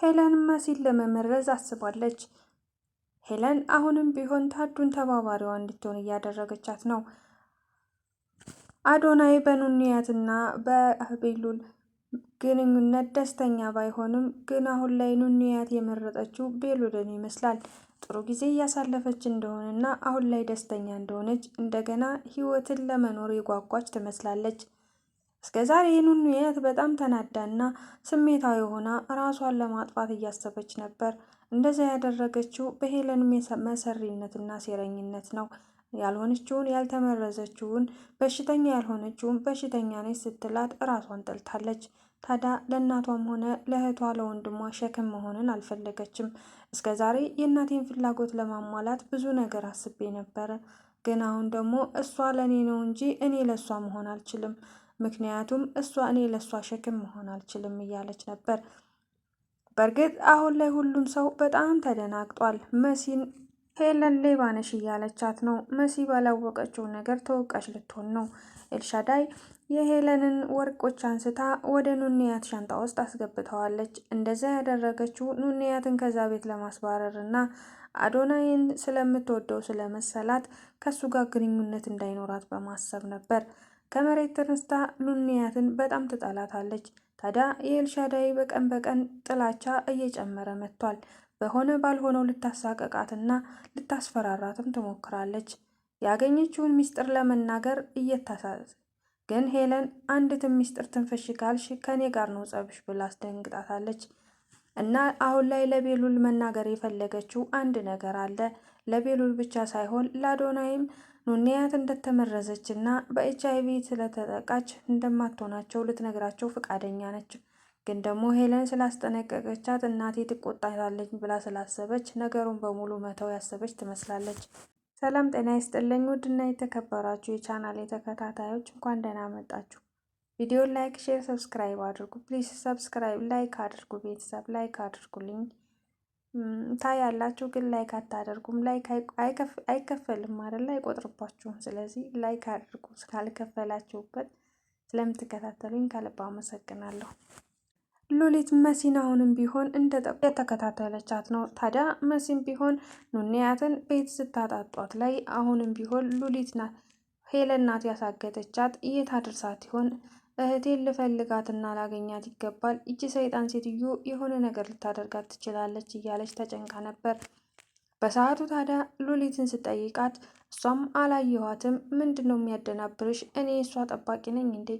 ሄለን መሲል ለመመረዝ አስባለች። ሄለን አሁንም ቢሆን ታዱን ተባባሪዋ እንድትሆን እያደረገቻት ነው። አዶናይ በኑንያትና በቤሉል ግንኙነት ደስተኛ ባይሆንም ግን አሁን ላይ ኑንያት የመረጠችው ቤሉልን ይመስላል። ጥሩ ጊዜ እያሳለፈች እንደሆነና አሁን ላይ ደስተኛ እንደሆነች እንደገና ህይወትን ለመኖር የጓጓች ትመስላለች። እስከ ዛሬ ይህን ሁሉ በጣም ተናዳና ስሜታዊ ሆና ራሷን ለማጥፋት እያሰበች ነበር። እንደዚያ ያደረገችው በሄለን መሰሪነትና ሴረኝነት ነው። ያልሆነችውን ያልተመረዘችውን በሽተኛ ያልሆነችውን በሽተኛ ነች ስትላት ራሷን ጠልታለች። ታዲያ ለእናቷም ሆነ ለእህቷ ለወንድሟ ሸክም መሆንን አልፈለገችም። እስከ ዛሬ የእናቴን ፍላጎት ለማሟላት ብዙ ነገር አስቤ ነበረ፣ ግን አሁን ደግሞ እሷ ለእኔ ነው እንጂ እኔ ለእሷ መሆን አልችልም ምክንያቱም እሷ እኔ ለእሷ ሸክም መሆን አልችልም እያለች ነበር። በእርግጥ አሁን ላይ ሁሉም ሰው በጣም ተደናግጧል። መሲን ሄለን ሌባ ነሽ እያለቻት ነው። መሲ ባላወቀችው ነገር ተወቃሽ ልትሆን ነው። ኤልሻዳይ የሄለንን ወርቆች አንስታ ወደ ኑንያት ሻንጣ ውስጥ አስገብተዋለች። እንደዛ ያደረገችው ኑንያትን ከዛ ቤት ለማስባረር እና አዶናይን ስለምትወደው ስለመሰላት ከሱ ጋር ግንኙነት እንዳይኖራት በማሰብ ነበር። ከመሬት ተነስታ ሉኒያትን በጣም ትጠላታለች። ታዲያ የኤልሻዳይ በቀን በቀን ጥላቻ እየጨመረ መጥቷል። በሆነ ባልሆነው ልታሳቀቃትና ልታስፈራራትም ትሞክራለች። ያገኘችውን ሚስጥር ለመናገር እየታሳዝ ግን ሄለን አንዲትም ምስጢር ትንፈሽ ካልሽ ከኔ ጋር ነው ጸብሽ ብላ አስደንግጣታለች። እና አሁን ላይ ለቤሉል መናገር የፈለገችው አንድ ነገር አለ። ለቤሉል ብቻ ሳይሆን ለአዶናይም ኑንያት እንደተመረዘች እና በኤች አይቪ ስለተጠቃች እንደማትሆናቸው ልትነግራቸው ፈቃደኛ ነች። ግን ደግሞ ሄለን ስላስጠነቀቀቻት እናቴ ትቆጣታለች ብላ ስላሰበች ነገሩን በሙሉ መተው ያሰበች ትመስላለች። ሰላም ጤና ይስጥልኝ ውድና የተከበራችሁ የቻናል የተከታታዮች እንኳን ደህና መጣችሁ። ቪዲዮ ላይክ፣ ሼር፣ ሰብስክራይብ አድርጉ። ፕሊዝ ሰብስክራይብ ላይክ አድርጉ። ቤተሰብ ላይክ አድርጉልኝ። ታያላችሁ ግን ላይክ አታደርጉም። ላይክ አይከፈልም አይደል? አይቆጥርባችሁም። ስለዚህ ላይክ አድርጉ። ካልከፈላችሁበት ስለምትከታተሉኝ ከልብ አመሰግናለሁ። ሉሊት መሲን አሁንም ቢሆን እንደ ጠቁ የተከታተለቻት ነው። ታዲያ መሲን ቢሆን ኑንያትን ቤት ስታጣጧት ላይ አሁንም ቢሆን ሉሊት ናት ሄለን ናት ያሳገተቻት። የት አድርሳት ይሆን? እህቴን ልፈልጋትና ላገኛት ይገባል። ይቺ ሰይጣን ሴትዮ የሆነ ነገር ልታደርጋት ትችላለች እያለች ተጨንቃ ነበር። በሰዓቱ ታዲያ ሉሊትን ስጠይቃት እሷም አላየኋትም፣ ምንድን ነው የሚያደናብርሽ? እኔ እሷ ጠባቂ ነኝ እንዴ?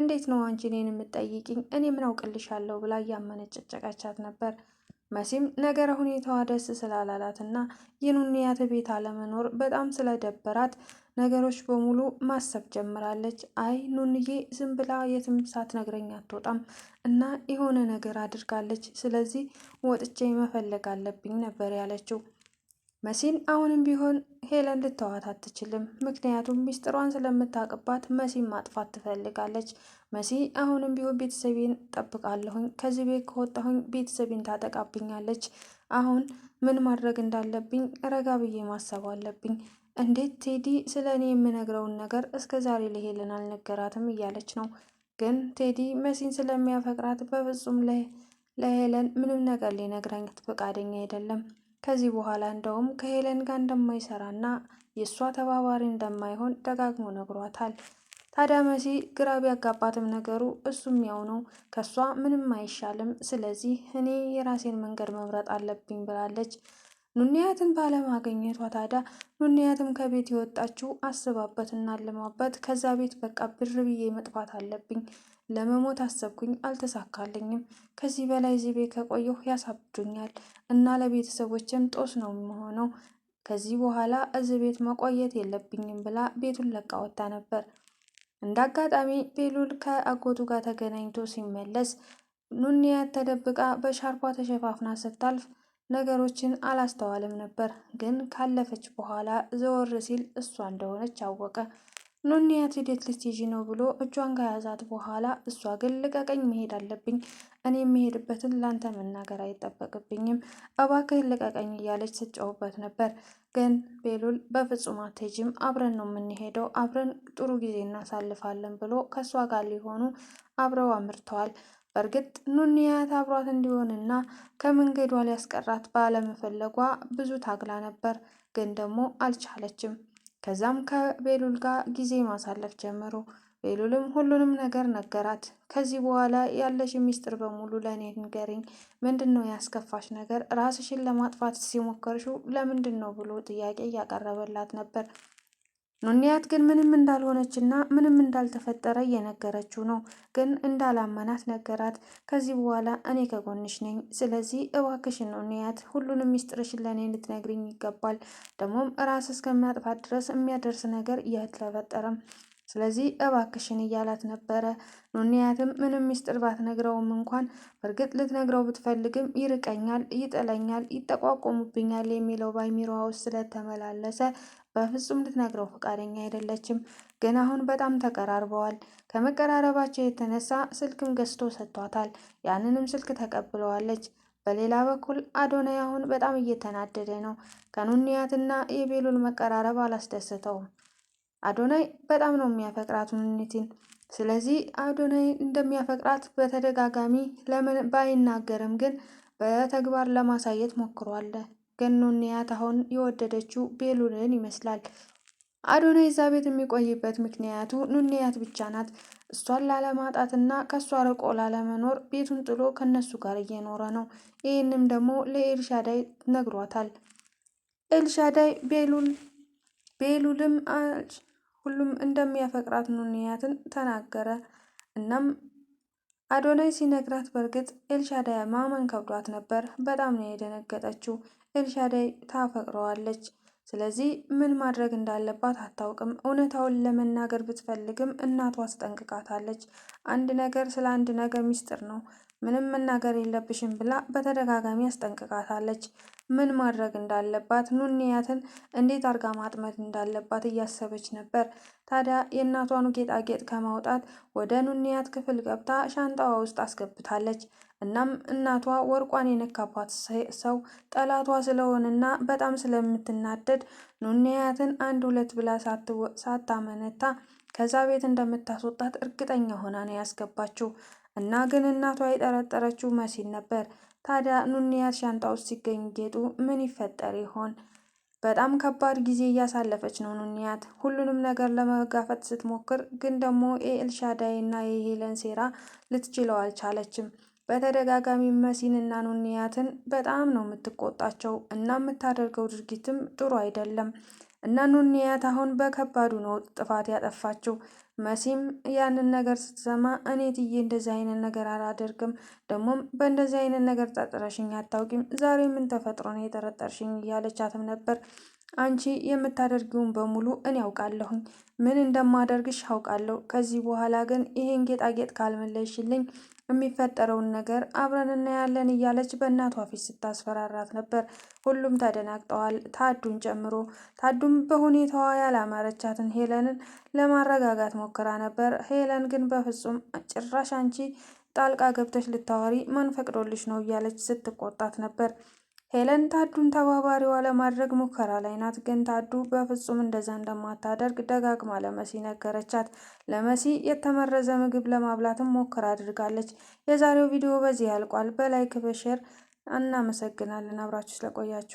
እንዴት ነው አንቺ እኔን የምጠይቅኝ እኔ ምን አውቅልሻለሁ? ብላ እያመነጨጨቀቻት ነበር። መሲም ነገረ ሁኔታዋ ደስ ስላላላትና የኑንያት ቤት አለመኖር በጣም ስለደበራት ነገሮች በሙሉ ማሰብ ጀምራለች። አይ ኑንዬ ዝም ብላ የትም ሳትነግረኝ አትወጣም እና የሆነ ነገር አድርጋለች። ስለዚህ ወጥቼ መፈለግ አለብኝ ነበር ያለችው። መሲን አሁንም ቢሆን ሄለን ልተዋት አትችልም። ምክንያቱም ሚስጥሯን ስለምታውቅባት መሲን ማጥፋት ትፈልጋለች። መሲ አሁንም ቢሆን ቤተሰቤን ጠብቃለሁኝ፣ ከዚህ ቤት ከወጣሁኝ ቤተሰቤን ታጠቃብኛለች። አሁን ምን ማድረግ እንዳለብኝ ረጋ ብዬ ማሰብ አለብኝ። እንዴት ቴዲ ስለ እኔ የምነግረውን ነገር እስከ ዛሬ ለሄለን አልነገራትም እያለች ነው። ግን ቴዲ መሲን ስለሚያፈቅራት በፍጹም ለሄለን ምንም ነገር ሊነግረኝ ፈቃደኛ አይደለም። ከዚህ በኋላ እንደውም ከሄለን ጋር እንደማይሰራና የእሷ ተባባሪ እንደማይሆን ደጋግሞ ነግሯታል። ታዲያ መሲ ግራ ቢያጋባትም ነገሩ እሱም ያው ነው፣ ከእሷ ምንም አይሻልም። ስለዚህ እኔ የራሴን መንገድ መምረጥ አለብኝ ብላለች። ኑንያትን ባለማገኘት ታዲያ ኑንያትም ከቤት የወጣችው አስባበትና አልማበት ከዛ ቤት በቃ ብር ብዬ መጥፋት አለብኝ፣ ለመሞት አሰብኩኝ፣ አልተሳካልኝም። ከዚህ በላይ እዚህ ቤት ከቆየሁ ያሳብዱኛል እና ለቤተሰቦችም ጦስ ነው የምሆነው። ከዚህ በኋላ እዚህ ቤት መቆየት የለብኝም ብላ ቤቱን ለቃ ወጣ ነበር። እንደ አጋጣሚ ቤሉል ከአጎቱ ጋር ተገናኝቶ ሲመለስ ኑንያት ተደብቃ በሻርፓ ተሸፋፍና ስታልፍ ነገሮችን አላስተዋልም ነበር፣ ግን ካለፈች በኋላ ዘወር ሲል እሷ እንደሆነች አወቀ። ኑኒያት ሂደት ልትይዥ ነው ብሎ እጇን ከያዛት በኋላ እሷ ግን ልቀቀኝ፣ መሄድ አለብኝ፣ እኔ የምሄድበትን ላንተ መናገር አይጠበቅብኝም፣ እባክህን ልቀቀኝ እያለች ስጫውበት ነበር። ግን ቤሉል በፍጹም አትሄጂም፣ አብረን ነው የምንሄደው፣ አብረን ጥሩ ጊዜ እናሳልፋለን ብሎ ከእሷ ጋር ሊሆኑ አብረው አምርተዋል። በእርግጥ ኑንያት አብሯት እንዲሆንና ከመንገዷ ሊያስቀራት ባለመፈለጓ ብዙ ታግላ ነበር፣ ግን ደግሞ አልቻለችም። ከዛም ከቤሉል ጋር ጊዜ ማሳለፍ ጀመሩ። ቤሉልም ሁሉንም ነገር ነገራት። ከዚህ በኋላ ያለሽ ሚስጥር በሙሉ ለእኔ ንገሪኝ፣ ምንድን ነው ያስከፋሽ ነገር? ራስሽን ለማጥፋት ሲሞከርሽው ለምንድን ነው ብሎ ጥያቄ እያቀረበላት ነበር። ኑንያት ግን ምንም እንዳልሆነች እና ምንም እንዳልተፈጠረ እየነገረችው ነው። ግን እንዳላመናት ነገራት። ከዚህ በኋላ እኔ ከጎንሽ ነኝ፣ ስለዚህ እባክሽን ኑንያት ሁሉንም ሚስጥርሽን ለእኔ ልትነግርኝ ይገባል። ደግሞም ራስ እስከሚያጥፋት ድረስ የሚያደርስ ነገር እያልተፈጠረም ስለዚህ እባክሽን እያላት ነበረ። ኑንያትም ምንም ሚስጥር ባትነግረውም እንኳን በእርግጥ ልትነግረው ብትፈልግም ይርቀኛል፣ ይጠለኛል፣ ይጠቋቆሙብኛል የሚለው ባይሚሮዋ ውስጥ ስለተመላለሰ በፍጹም ልትነግረው ፈቃደኛ አይደለችም። ግን አሁን በጣም ተቀራርበዋል። ከመቀራረባቸው የተነሳ ስልክም ገዝቶ ሰጥቷታል። ያንንም ስልክ ተቀብለዋለች። በሌላ በኩል አዶናይ አሁን በጣም እየተናደደ ነው። ከኑንያትና የቤሉል መቀራረብ አላስደሰተውም። አዶናይ በጣም ነው የሚያፈቅራት ኑኒትን። ስለዚህ አዶናይ እንደሚያፈቅራት በተደጋጋሚ ባይናገርም ግን በተግባር ለማሳየት ሞክሯል። ያት አሁን የወደደችው ቤሉልን ይመስላል። አዶናይ እዛ ቤት የሚቆይበት ምክንያቱ ኑንያት ብቻ ናት። እሷን ላለማጣትና ከእሷ ርቆ ላለመኖር ቤቱን ጥሎ ከነሱ ጋር እየኖረ ነው። ይህንም ደግሞ ለኤልሻዳይ ነግሯታል። ኤልሻዳይ ቤሉልም ሁሉም እንደሚያፈቅራት ኑንያትን ተናገረ። እናም አዶናይ ሲነግራት በእርግጥ ኤልሻዳይ ማመን ከብዷት ነበር። በጣም ነው የደነገጠችው። ኤልሻዳይ ታፈቅረዋለች። ስለዚህ ምን ማድረግ እንዳለባት አታውቅም። እውነታውን ለመናገር ብትፈልግም እናቷ አስጠንቅቃታለች። አንድ ነገር ስለ አንድ ነገር ሚስጥር ነው፣ ምንም መናገር የለብሽም ብላ በተደጋጋሚ አስጠንቅቃታለች። ምን ማድረግ እንዳለባት ኑንያትን እንዴት አርጋ ማጥመድ እንዳለባት እያሰበች ነበር። ታዲያ የእናቷን ጌጣጌጥ ከማውጣት ወደ ኑንያት ክፍል ገብታ ሻንጣዋ ውስጥ አስገብታለች። እናም እናቷ ወርቋን የነካባት ሰው ጠላቷ ስለሆነና በጣም ስለምትናደድ ኑንያትን አንድ ሁለት ብላ ሳታመነታ ከዛ ቤት እንደምታስወጣት እርግጠኛ ሆና ነው ያስገባችው። እና ግን እናቷ የጠረጠረችው መሲል ነበር። ታዲያ ኑንያት ሻንጣ ውስጥ ሲገኝ ጌጡ ምን ይፈጠር ይሆን? በጣም ከባድ ጊዜ እያሳለፈች ነው ኑንያት። ሁሉንም ነገር ለመጋፈጥ ስትሞክር ግን ደግሞ የኤልሻዳይ እና የሄለን ሴራ ልትችለው አልቻለችም። በተደጋጋሚ መሲን እና ኑንያትን በጣም ነው የምትቆጣቸው እና የምታደርገው ድርጊትም ጥሩ አይደለም እና ኑንያት አሁን በከባዱ ነው ጥፋት ያጠፋችው። መሲም ያንን ነገር ስትሰማ እኔ ትዬ እንደዚህ አይነት ነገር አላደርግም፣ ደግሞም በእንደዚህ አይነት ነገር ጠርጥረሽኝ አታውቂም፣ ዛሬ ምን ተፈጥሮ ነው የጠረጠርሽኝ? እያለቻትም ነበር። አንቺ የምታደርጊውን በሙሉ እኔ ያውቃለሁኝ፣ ምን እንደማደርግሽ አውቃለሁ? ከዚህ በኋላ ግን ይሄን ጌጣጌጥ ካልመለሽልኝ የሚፈጠረውን ነገር አብረን እናያለን እያለች በእናቷ ፊት ስታስፈራራት ነበር። ሁሉም ተደናግጠዋል፣ ታዱን ጨምሮ። ታዱም በሁኔታዋ ያላማረቻትን ሄለንን ለማረጋጋት ሞክራ ነበር። ሄለን ግን በፍጹም ጭራሽ አንቺ ጣልቃ ገብተሽ ልታወሪ ማን ፈቅዶልሽ ነው እያለች ስትቆጣት ነበር። ሄለን ታዱን ተባባሪዋ ለማድረግ ሙከራ ላይ ናት፣ ግን ታዱ በፍጹም እንደዛ እንደማታደርግ ደጋግማ ለመሲ ነገረቻት። ለመሲ የተመረዘ ምግብ ለማብላትም ሞከራ አድርጋለች። የዛሬው ቪዲዮ በዚህ ያልቋል። በላይክ በሼር እናመሰግናለን አብራችሁ ስለቆያችሁ።